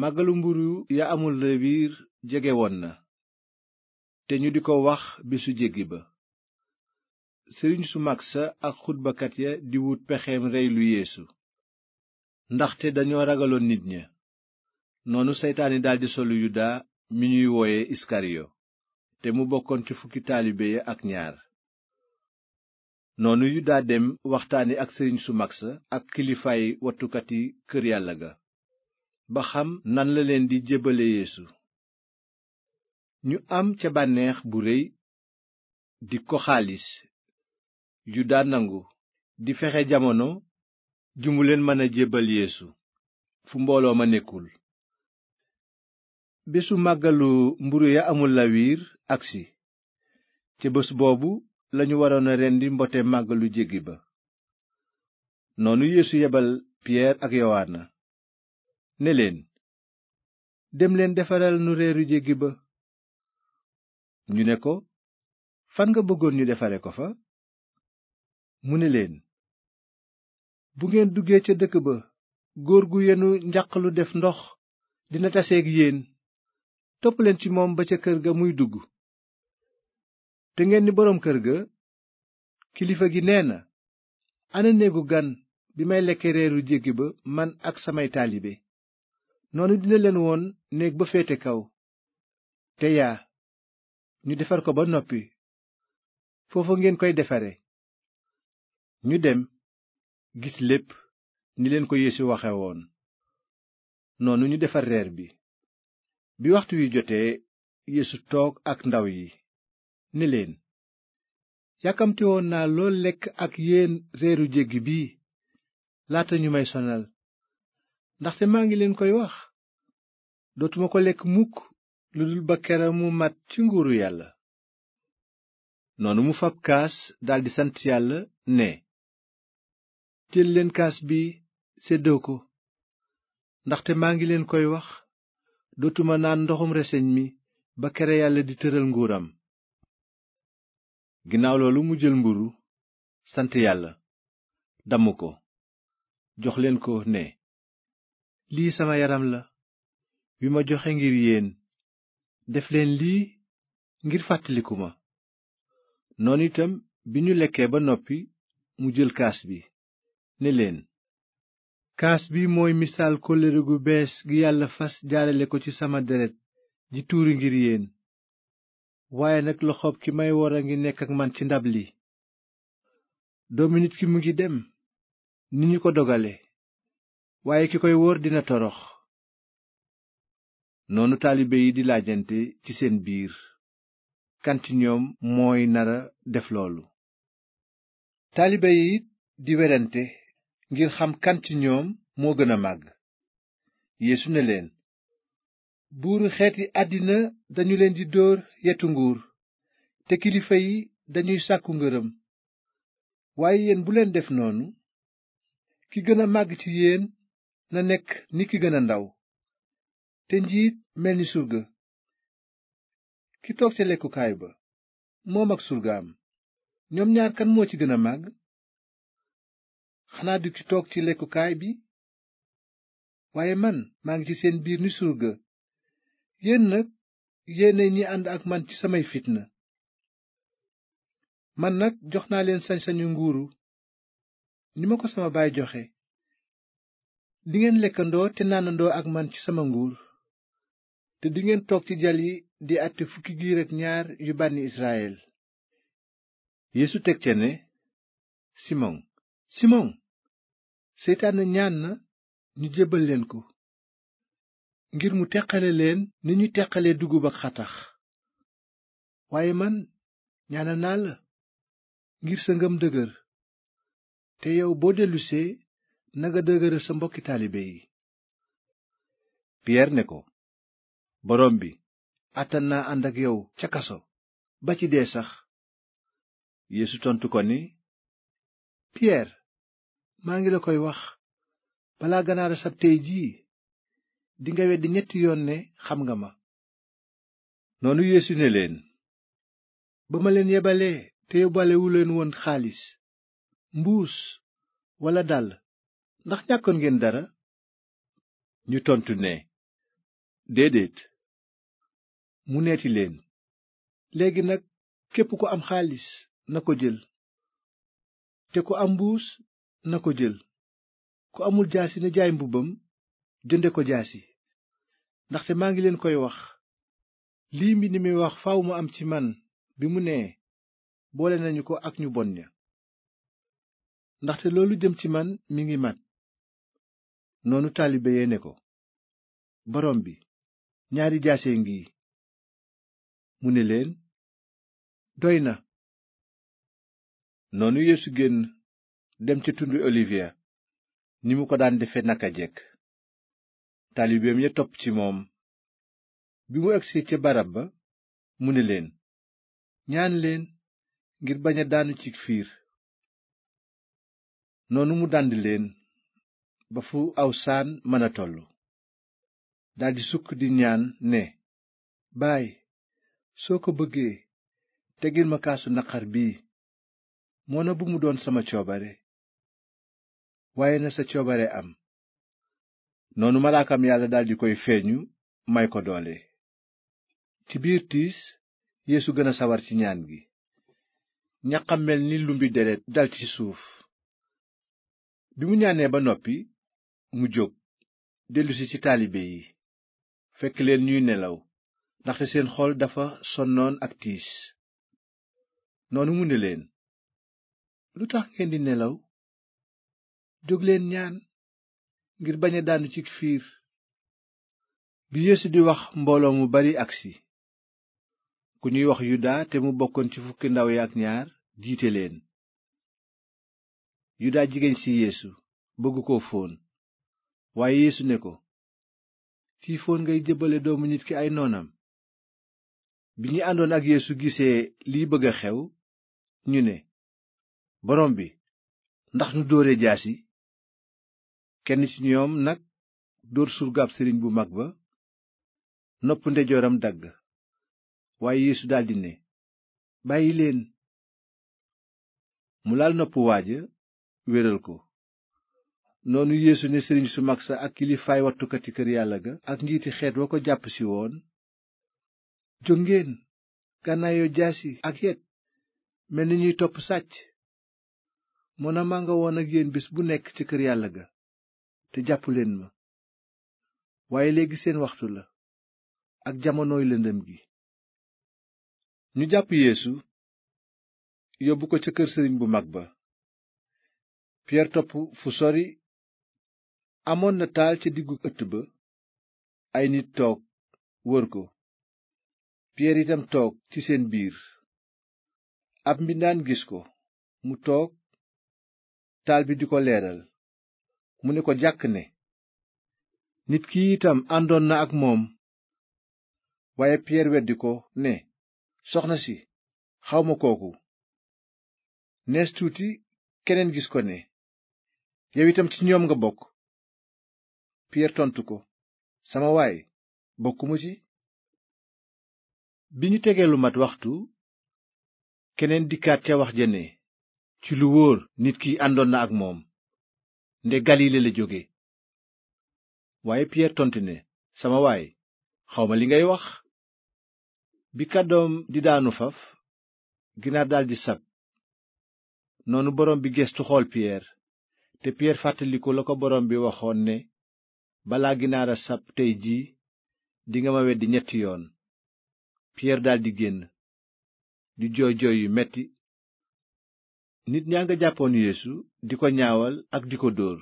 màggalu mburu ya amul lawiir jegewoon na te ñu di ko wax bisu jéggi ba sëriñ su magsa ak xutbakat ya di wut pexeem rey lu yeesu ndaxte dañoo ragaloon nit ña noonu seytaane daldi solu yuda mi ñuy wooye iskariyo te mu bokkoon ci fukki taalibe ya ak ñaar noonu yuda dem waxtaani ak sëriñ su mag ak kilifaay wattukati kër yàlla ga ba xam nan la leen di jébbale Yeesu ñu am ca bànneex bu réy di ko xaalis daan nangu di fexe jamono ju mu leen mën a jébbal yéesu fu mbooloo ma nekkul bésu màggalu mburu ya amul lawiir agsi ca bés boobu lañu waroon a rendi mbote màggalu jéggi ba noonu Yeesu yebal Piyeer ak Yowaana ne leen demleen defaral nu reeru jéggi ba ñu ne ko fan nga bëggoon ñu defare ko fa mu ne leen bu ngeen duggee ca dëkk ba góor gu yenu njaq lu def ndox dina taseeg yéen toppleen ci moom ba ca kër ga muy dugg te ngeen ni boroom kër ga kilifa gi nee na ana néegu gan bi may lekke reeru jéggi ba man ak samay taalibe noonu dina leen woon néeg ba féete kaw te yaa ñu defar ko ba noppi foofa ngeen koy defare ñu dem gis lépp ni leen ko Yeesu waxe woon noonu ñu defar reer bi bi waxtu wi jotee Yeesu toog ak ndaw yi ni leen yàkkamti woon naa lool lekk ak yéen reeru jéggi bii laata ñu may sonal ndaxte maa ngi leen koy wax dootuma ko lekk mukk lu dul ba kera mu mat ci nguuru yàlla noonu mu fab kaas daldi sant yàlla ne jël leen kaas bi séddoo ko ndaxte maa ngi leen koy wax dootuma naan ndoxum reseñ mi ba kere yàlla di tëral nguuram ginnaaw loolu mu jël mburu sant yàlla damm ko jox leen ko ne lii sama yaram la wi ma joxe ngir yéen def leen lii ngir fàttaliku ma noon itam bi ñu lekkee ba noppi mu jël kaas bi ni leen kaas bi mooy misaal kóllëre gu bees gi yàlla fas jaalale ko ci sama deret di tuuri ngir yéen waaye nag loxoob ki may wor a ngi nekk ak man ci ndab li doomi nit ki mu ngi dem ni ñu ko dogale waaye ki koy wóor dina torox noonu taalibe yi di laajante ci seen biir kan ci ñoom mooy nara def loolu taalibe yi di werante ngir xam kan ci ñoom moo gën a màgg yeesu ne leen buuru xeeti àddina dañu leen di dóor yetu nguur te kilifa yi dañuy sàkku ngërëm waaye yéen bu leen def noonu ki gën a màgg ci yéen na nekk ni ki gën a ndaw te njiit mel ni surga ki toog ca lekkukaay ba moom ak surgaam ñoom ñaar kan moo ci gën a màgg xanaa du ki toog ci lekkukaay bi waaye man maa ngi ci seen biir ni surga yéen nag yéene ñi ànd ak man ci samay fitna man nag jox naa leen sañ-sañu nguuru ni ma ko sama baay joxe dingeen lekkandoo te naanandoo ak man ci sama nguur te dingeen toog ci jal yi di àtte fukki giir ak ñaar yu bànni israel Yeesu teg ce ne Simon Simon seytaane ñaan na ñu jébbal leen ko ngir mu teqale leen ni ñu teqale dugub ak xatax waaye man ñaanal naa la ngir sa ngëm dëgër te yow boo dellusee nanga dëgëral sa mbokki taalibe yi piyeer ne ko boroom bi àttan naa ànd ak yow ca kaso ba ci dee sax yéesu tontu ko ni piyeer maa ngi la koy wax balaa ganaara sab tey jii dinga weddi ñetti yoon ne xam nga ma noonu yeesu ne leen ba ma leen yebalee te leen woon xaalis mbuus walla dàll ndax ñàkkoon ngeen dara ñu tontu ne déedéet mu neeti leen léegi nag képp ko am xaalis na ko jël te ko am mbuus na ko jël ku amul jaasi na jaay mbubbam jënde ko jaasi ndaxte maa ngi leen koy wax lii ni mi wax faaw mu am ci man bi mu nee boole nañu ko ak ñu bon ña ndaxte loolu jëm ci man mi ngi mat noonu taalibe ya ne ko borom bi ñaari jaase ngi mu ne leen doy na noonu yeesu génn dem ca tundu olivier ni mu ko daan defe naka jekk taalibeem ya topp ci moom bi mu ca barab ba mu ne leen ñaan leen ngir bañ a daanu ci fiir noonu mu dànd leen ba fu aw saan mën a toll daldi sukk di ñaan ne baay soo ko bëggee teggil ma kaasu naqar bii moona bu mu doon sama coobare waaye na sa coobare am noonu malaakam yàlla daldi koy feeñu may ko doole ci biir tiis yéesu gëna a sawar ci ñaan gi ñaqam mel ni lumbi deret dal ci suuf ñaanee ba noppi mu jóg dellusi ci taalibe yi fekk leen ñuy nelaw ndaxte seen xol dafa sonnoon ak tiis noonu mu ne leen lu tax ngeen di nelaw jóg leen ñaan ngir bañ a daanu ci fiir bi Yeesu di wax mbooloo mu bari agsi ku ñuy wax Yuda te mu bokkoon ci fukki ndaw yi ak ñaar jiite leen Yuda jigéen si Yeesu bëgg koo fóon waaye Yeesu ne ko fii ngay jébbale doomu nit ki ay noonam bi ñi àndoon ak Yeesu gisee liy bëgg a xew ñu ne boroom bi ndax nu dóore jaasi kenn ci ñoom nag dóor surgaab sëriñ bu mag ba nopp ndeyjooram dagg waaye Yeesu daldi ne bàyyi leen mu laal nopp waaja wéral ko noonu yeesu ne sëriñ su mag sa ak kilifaay wattukati kër yàlla ga ak njiiti xeet wa ko jàpp ci woon jóg ngeen gànnaayoo jaasi ak yet mel ni ñuy topp sàcc moona maa nga woon ak yéen bis bu nekk ci kër yàlla ga te jàppu ma waaye léegi seen waxtu la ak jamonooy lëndëm gi jàpp yeesu ca kër sëriñ bu mag ba amoon na taal ca diggu ëtt ba ay nit toog wër ko piyeer itam toog ci seen biir ab mbindaan gis ko mu toog taal bi di ko leeral mu ne ko jàkk ne nit ki itam àndoon na ak moom waaye piyeer weddi ko ne soxna si xawma kooku nees tuuti keneen gis ko ne yow itam ci ñoom nga bokk piyeer tontu ko sama waay bokkuma ci bi ñu tegee lu mat waxtu keneen dikkaat ca wax ja ci lu wóor nit ki àndoon na ak moom nde galile la jóge waaye piyeer tontu ne sama waay xawma li ngay wax bi kàddoom di daanu faf ginaar daldi sab noonu boroom bi gestu xool piyeer te piyeer fàttaliku la ko boroom bi waxoon ne balaa ginaar a sab tey jii dinga ma weddi ñetti yoon piyeer daldi génn di jooy jooy yu metti nit ñaa nga jàppoon yéesu di ko ñaawal ak di ko dóor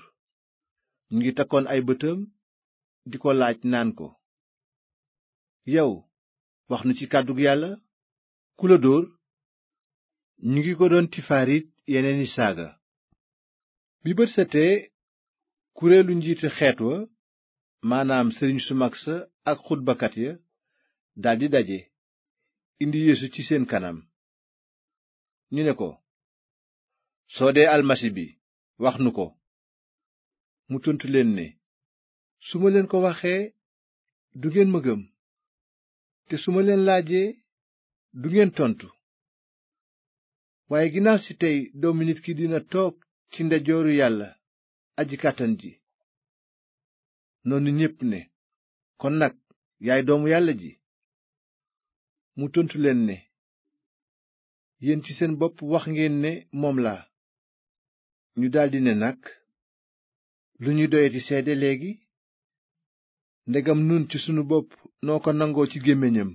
ñu ngi takkoon ay bëtam di ko laaj naan ko yow wax nu ci kàddug yàlla ku la dóor ñu ngi ko doon tifaarit yeneeni saaga bi bët setee kuréelu njiitu xeet wa maanaam sëriñ sumak sa ak xutbakat ya daldi daje indi yeesu ci seen kanam ñu ne ko soo dee almasi bi wax nu ko mu tontu leen ne su ma leen ko waxee du ngeen ma gëm te su ma leen laajee du ngeen tontu waaye ginnaaw si tey doomu nit ki dina toog ci ndeyjooru yàlla aji kàttan ji noonu ñépp ne kon nag yaay doomu yàlla ji mu tontu leen ne yéen ci seen bopp wax ngeen ne moom laa ñu daldi ne nag lu ñu doyati seede léegi ndegam nun ci sunu bopp noo ko nangoo ci gémmiñam